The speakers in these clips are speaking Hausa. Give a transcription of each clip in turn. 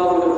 الله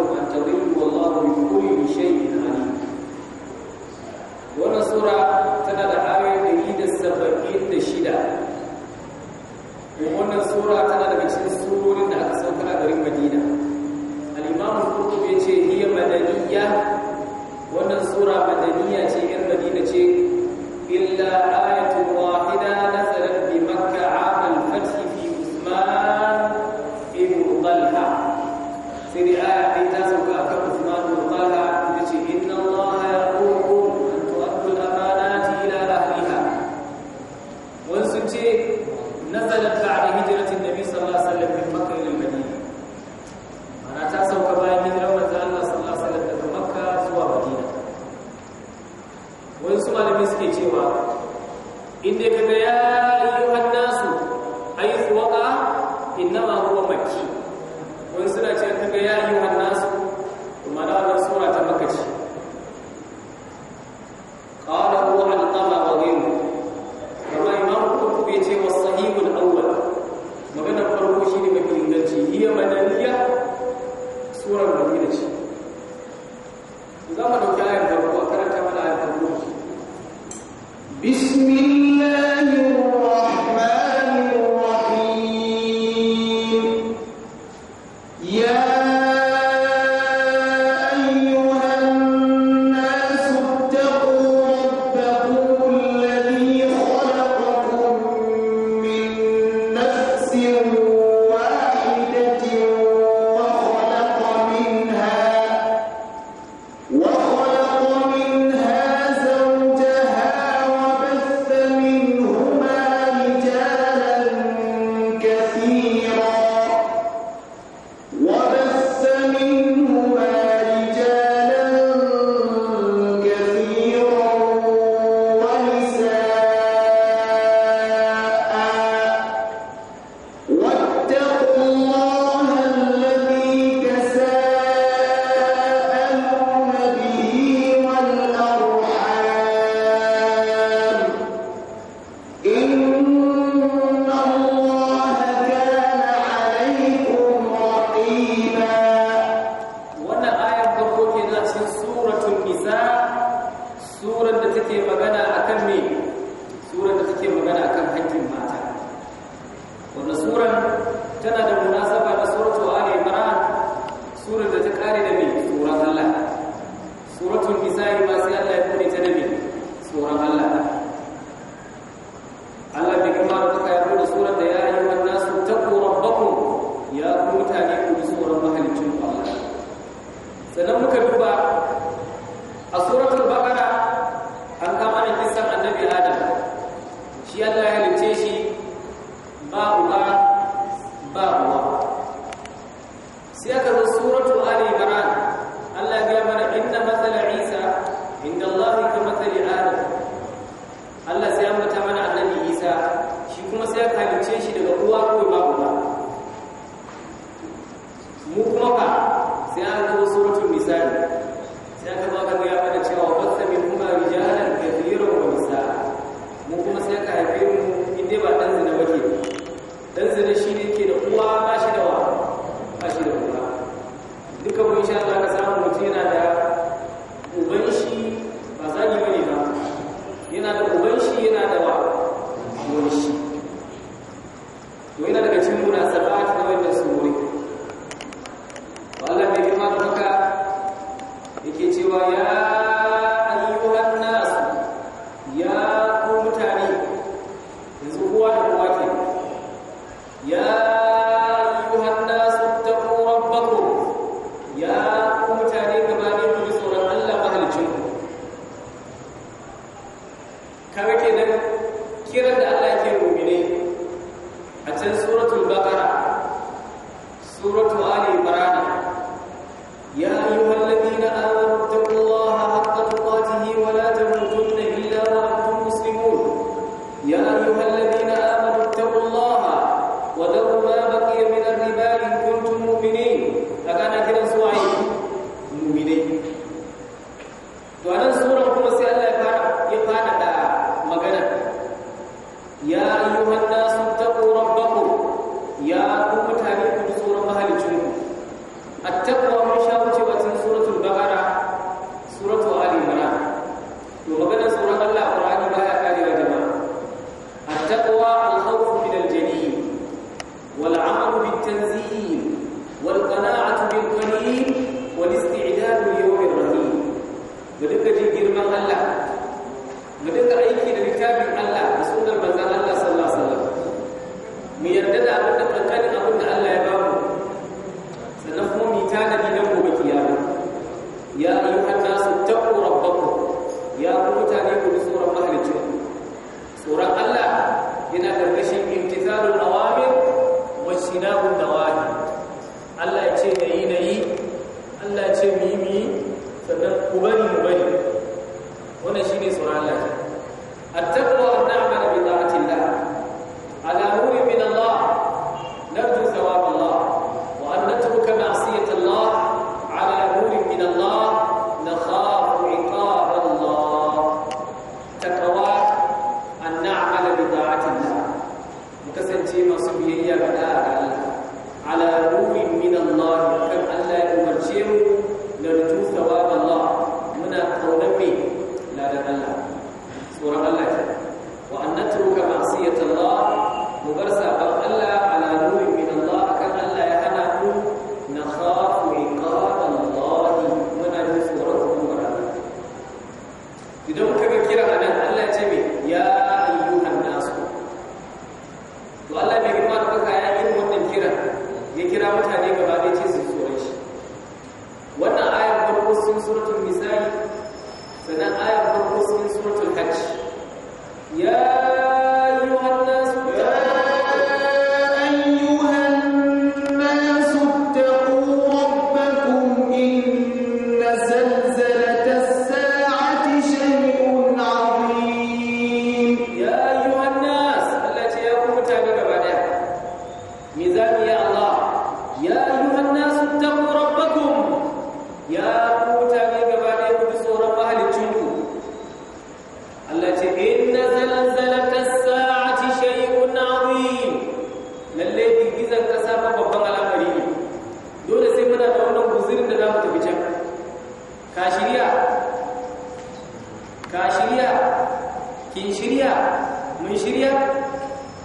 تنشريا منشريا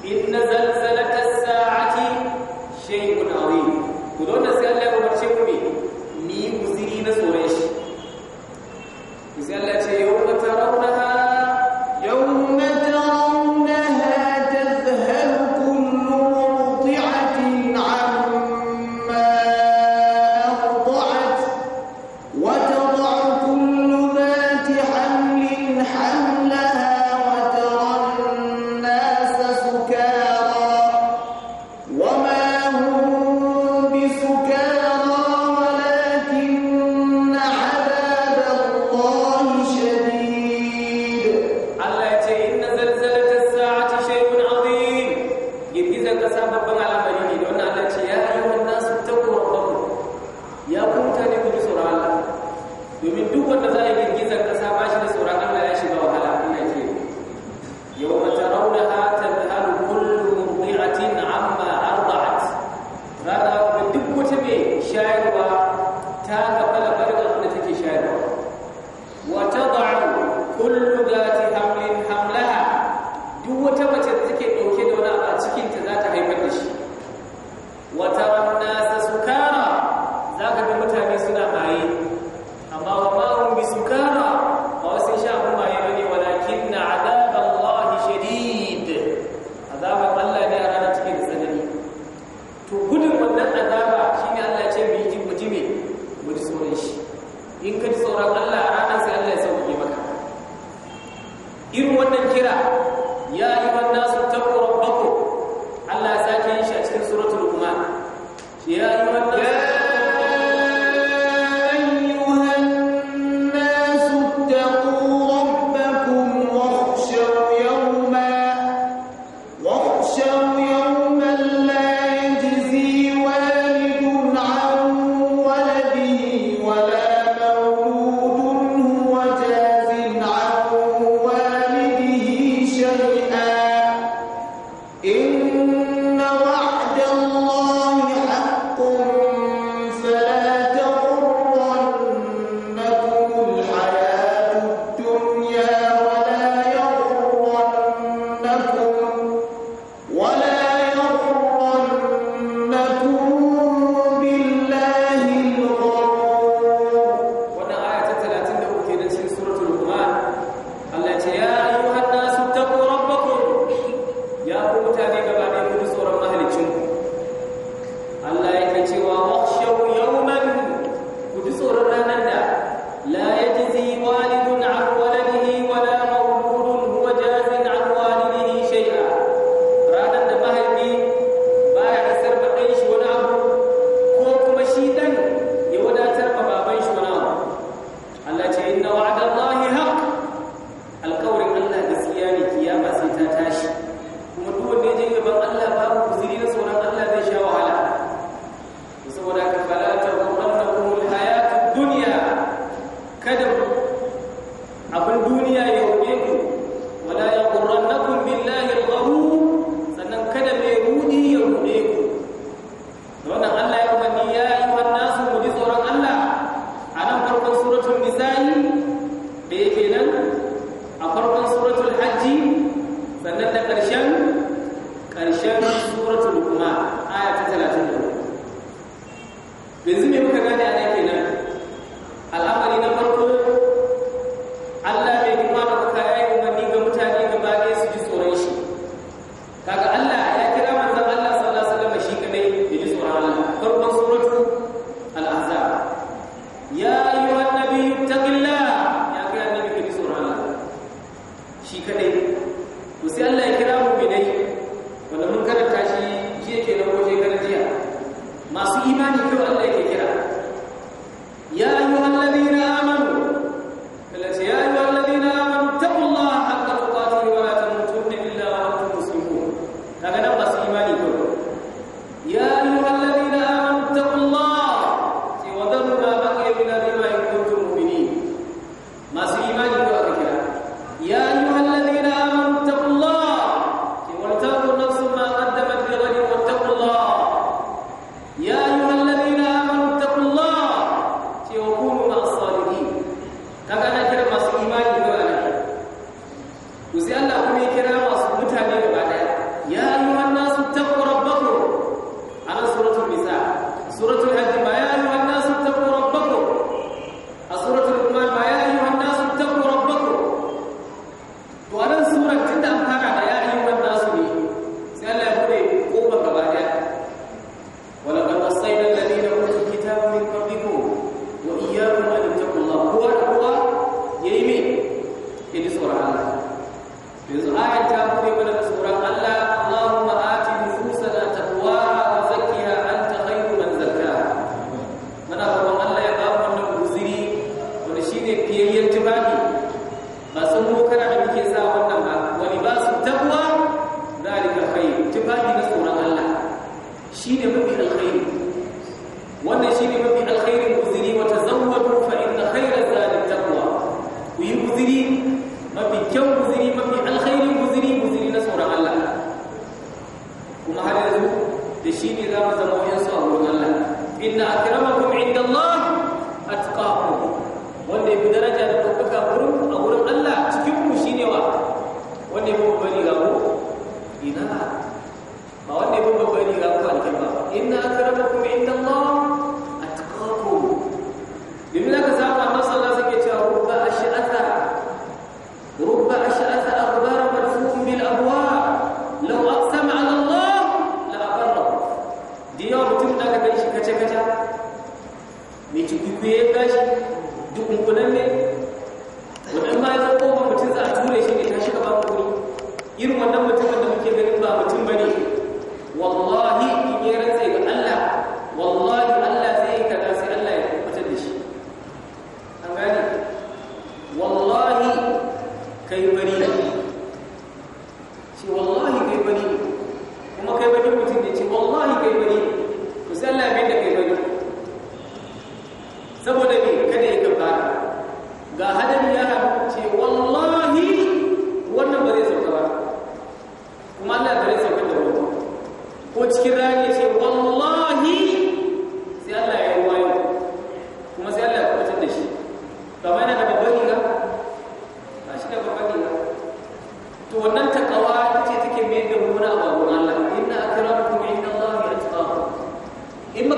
إن زلزلة الساعة شيء عظيم ودون نسأل الله ومرشيكم مين مين مزيرين سوريش نسأل الله شيء يوم ترونها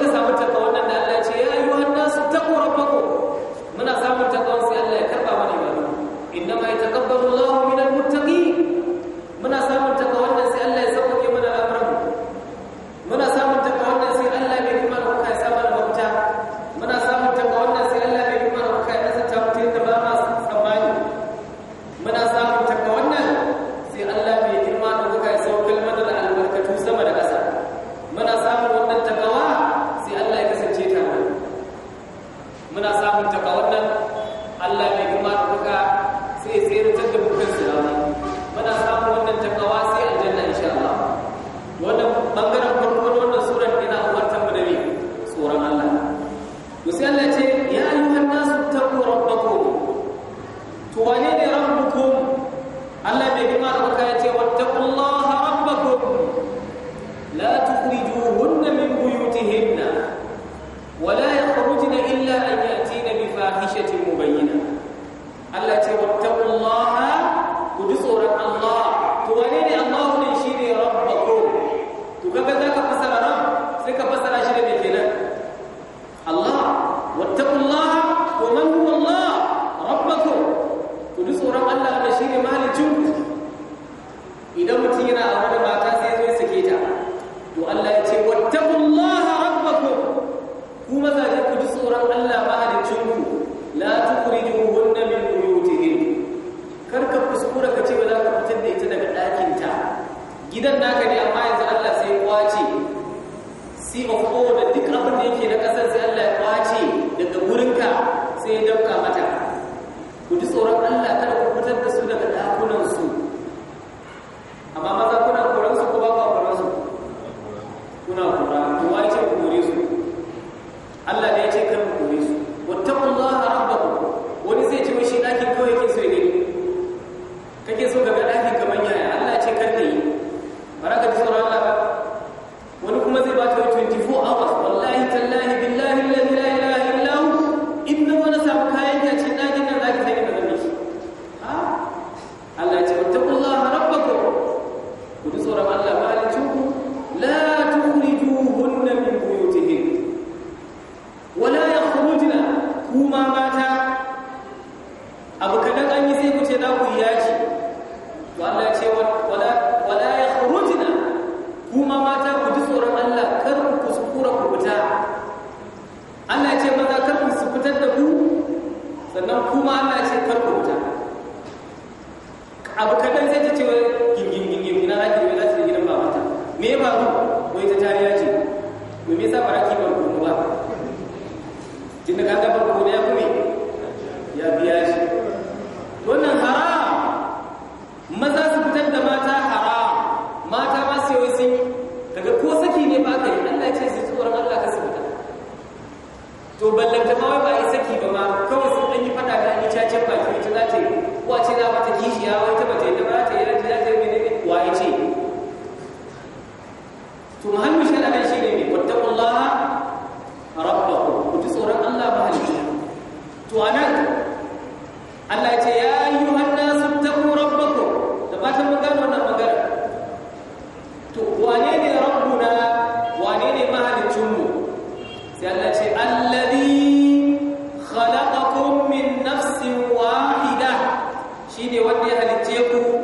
ನೇಮಕ ಸಾಮರ್ಥ್ಯ wanda ya halicce ku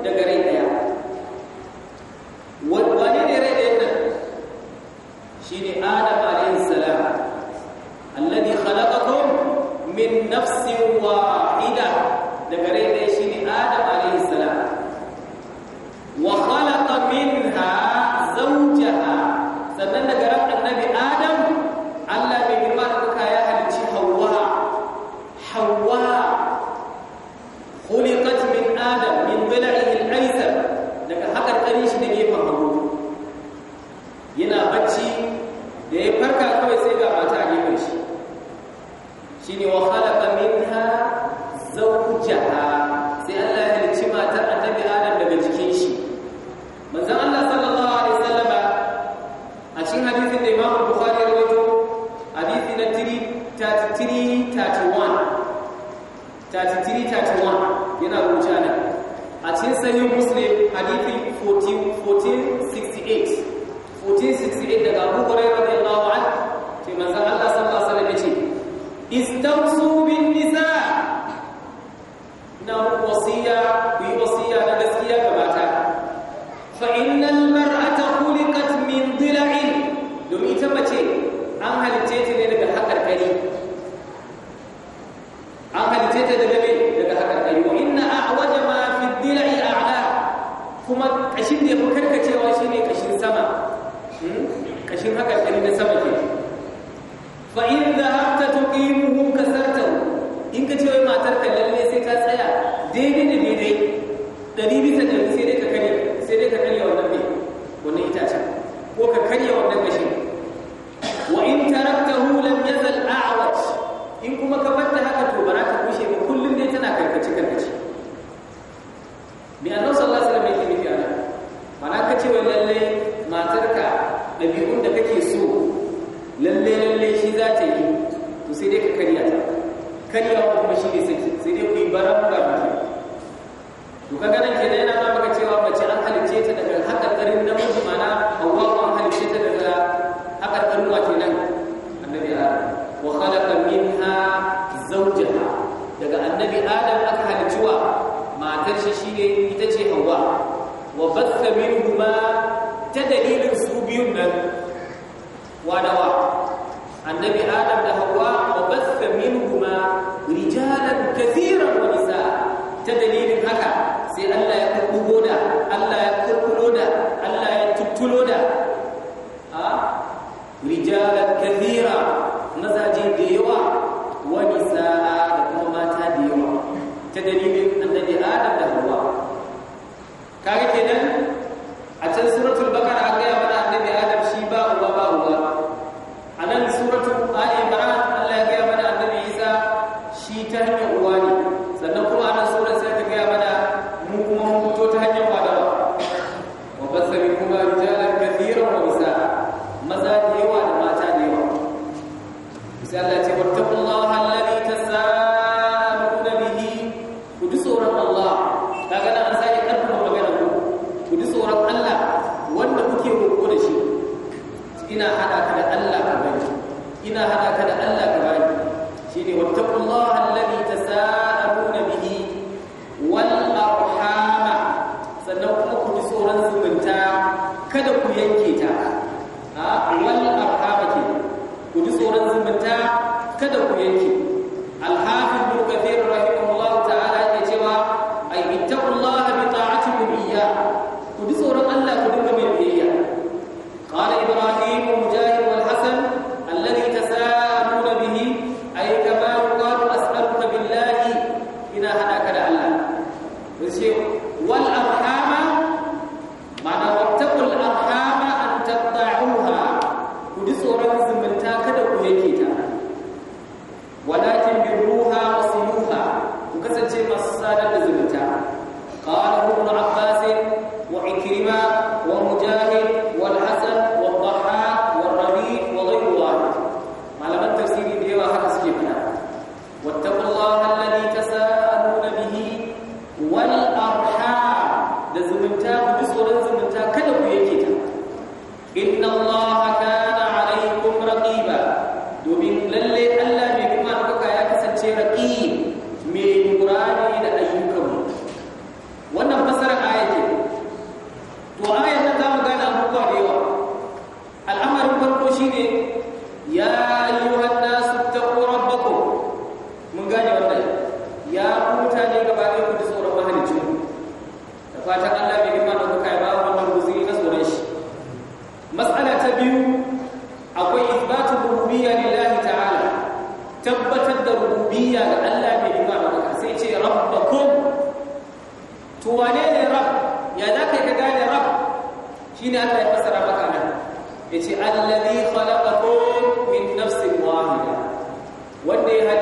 wanda ya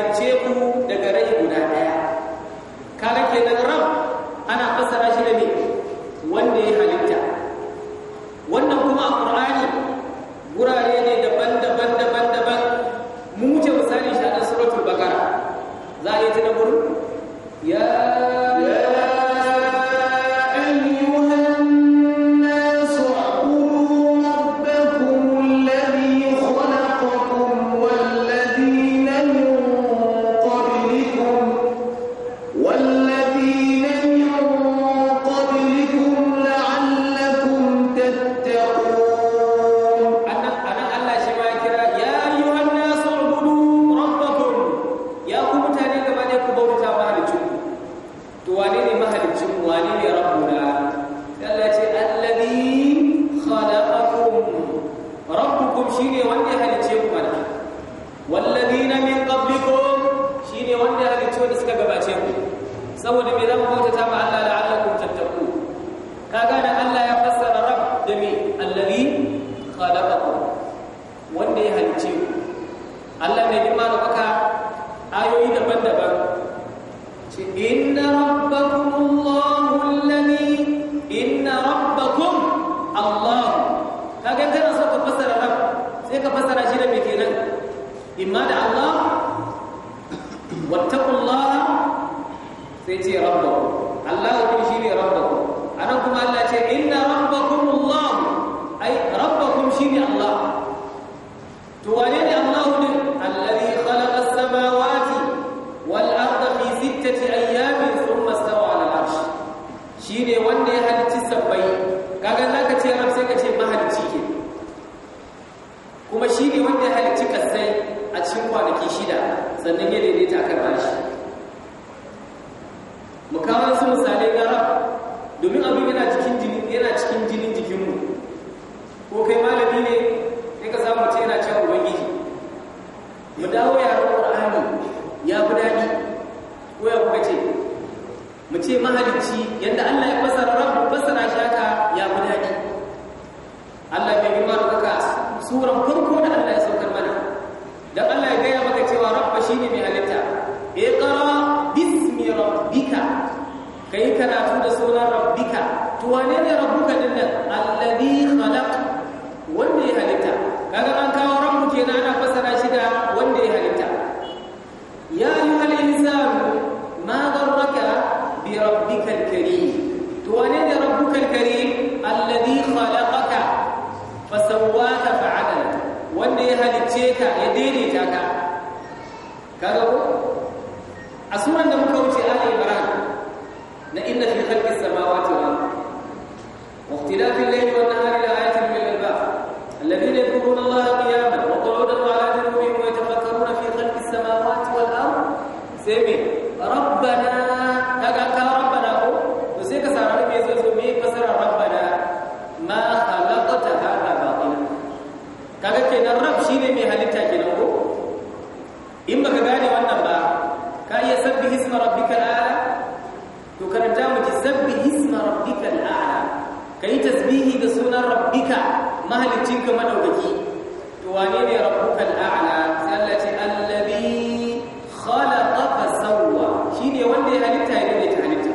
halitta ya daidaita halitta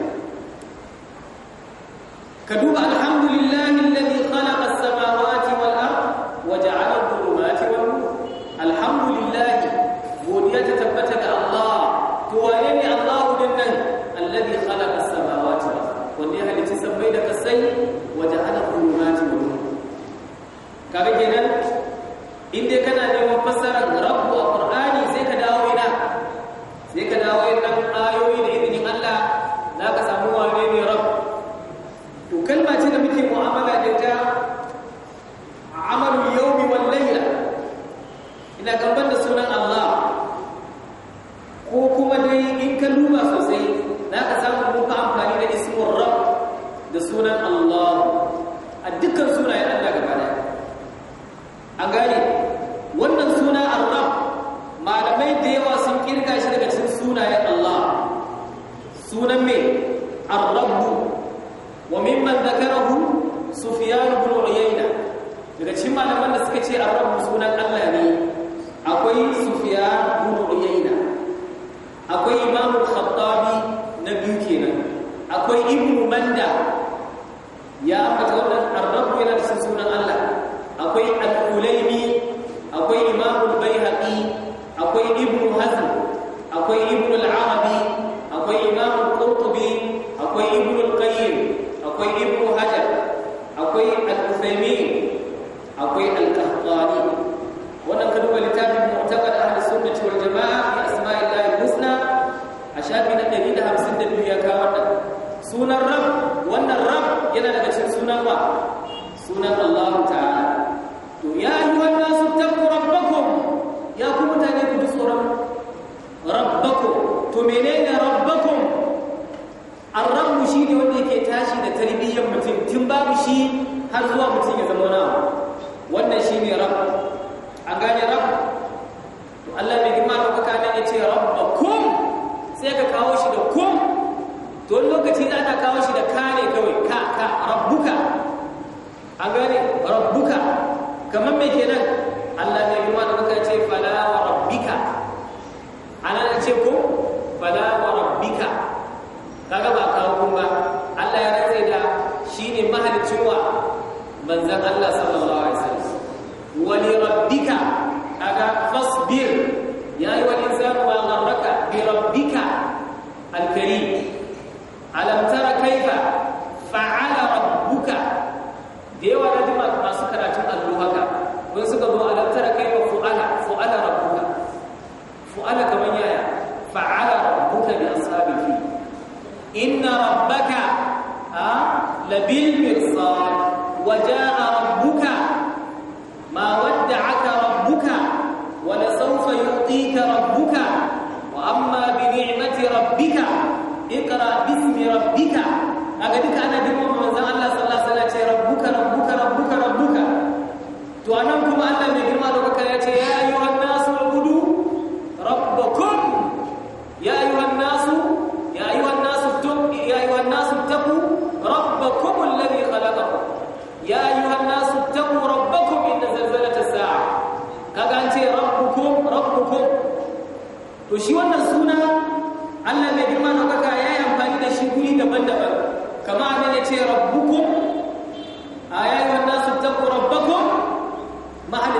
ka duba alhamdulillahi alladhi khalaqa as-sama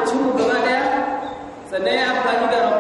halittunmu gaba daya sannan ya amfani da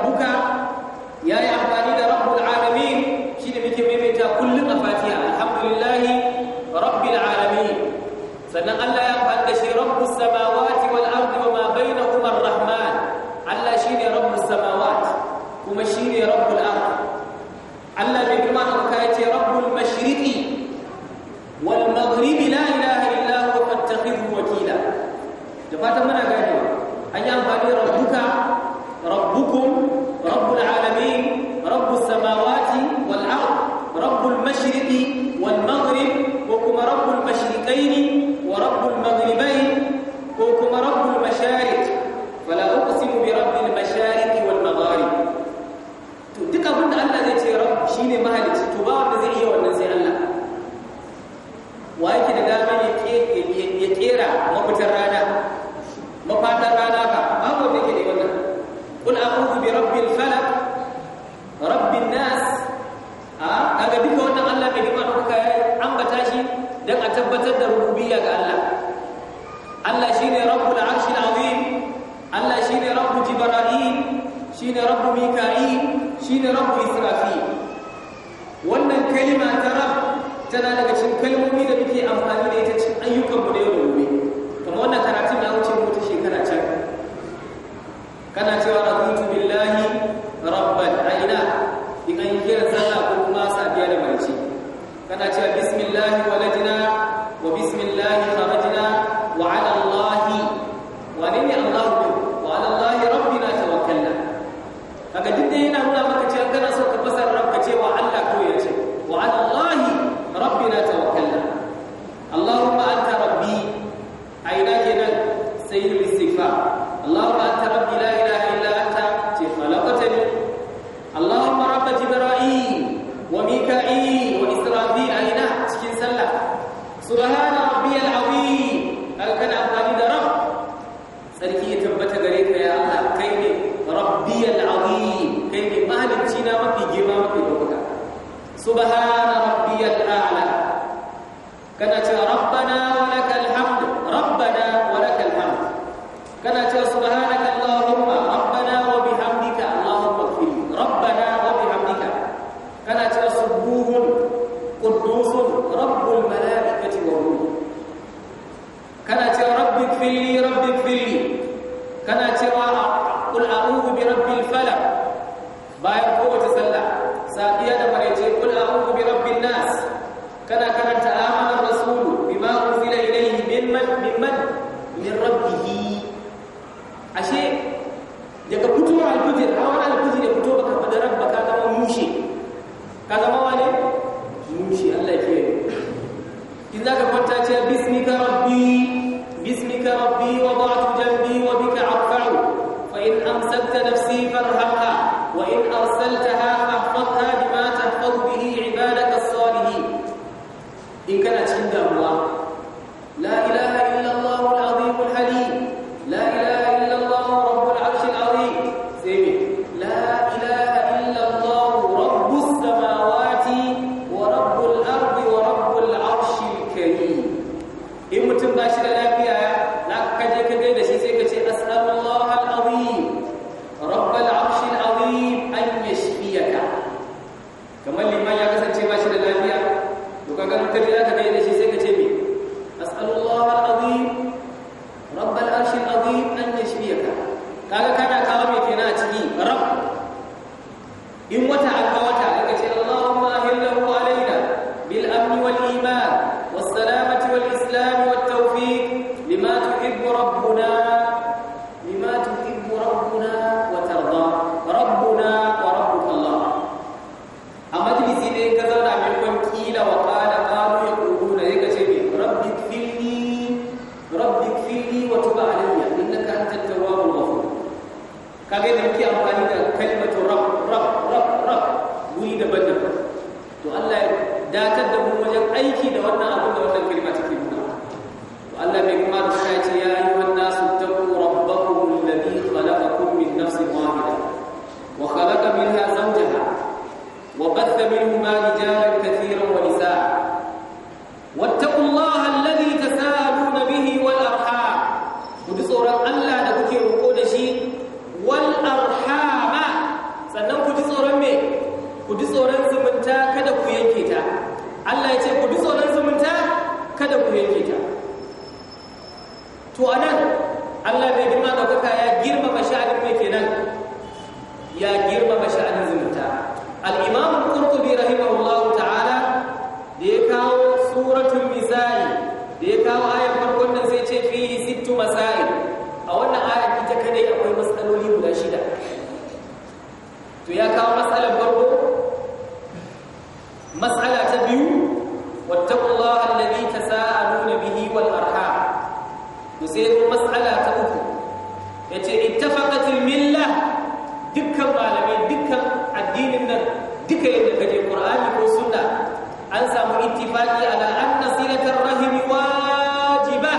ittifaqi ala anna silatar rahimi wajiba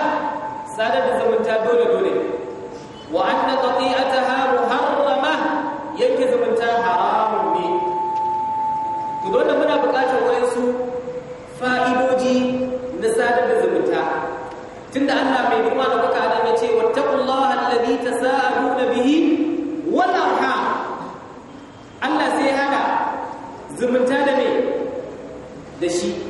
sadar da zumunta dole dole wa anna qati'ataha muharrama yanke zumunta haramun ne to dole muna buƙatar wayansu fa'idoji na sadar da zumunta tunda Allah mai girma da kuka nan yace wattaqullaha alladhi tasaaluna bihi wal arham Allah sai hana zumunta da me da shi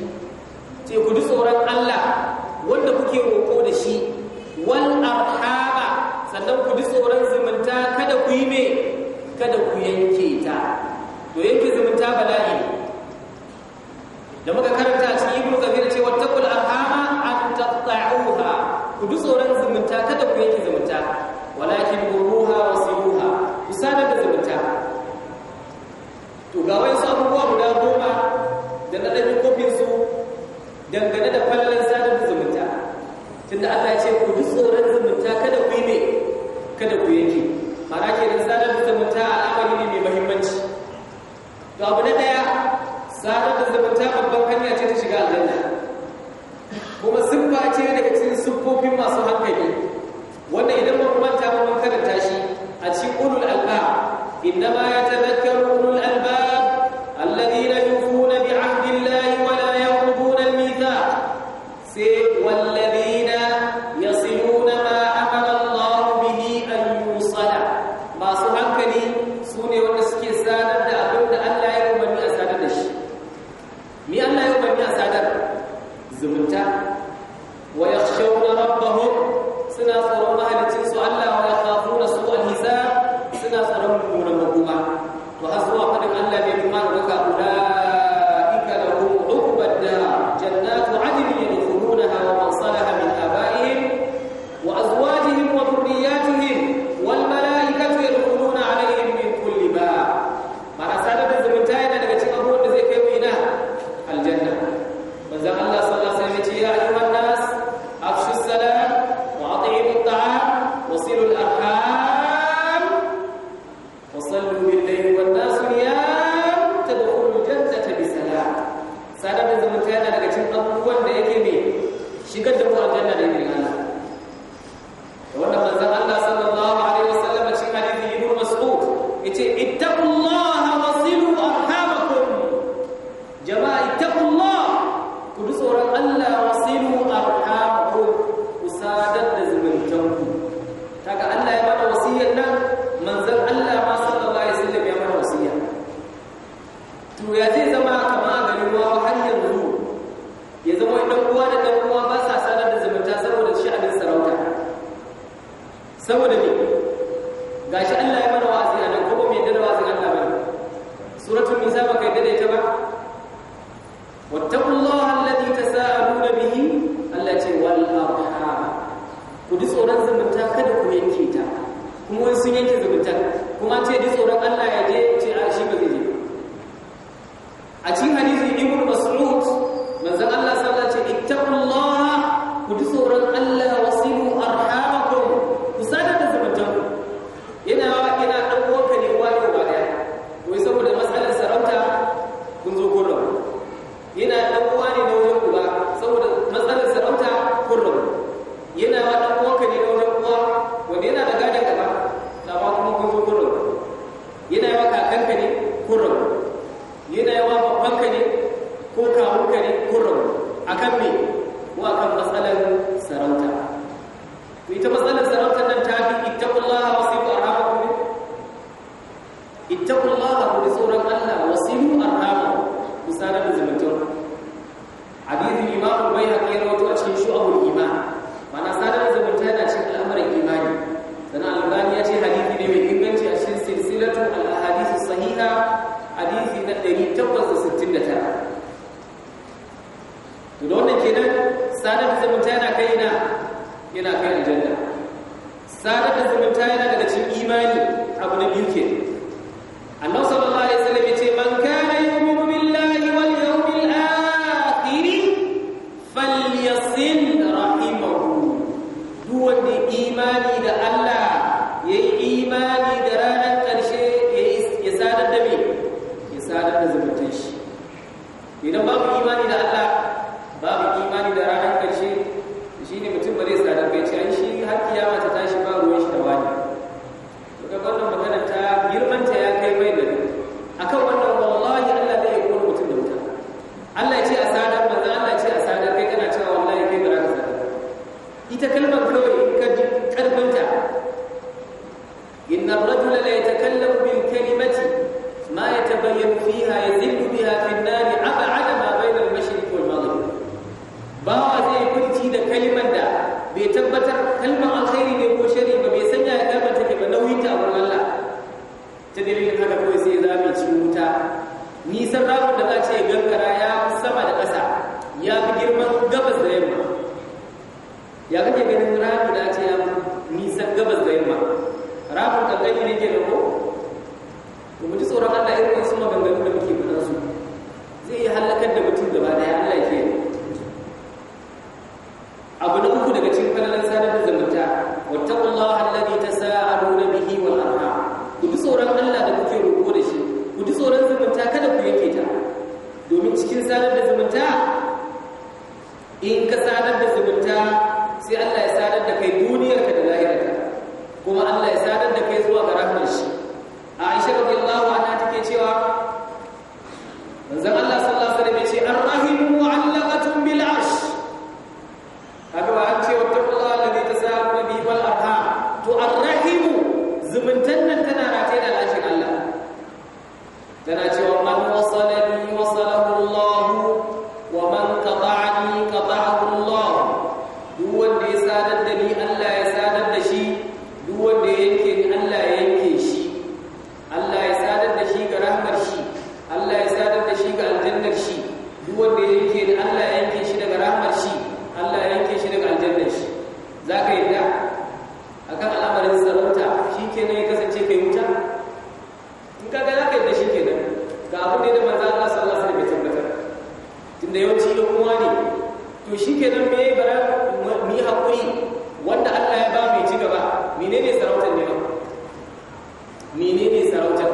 menene sarautar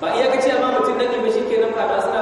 ba iya kace amma mutum dan ne kena shikenan fata suna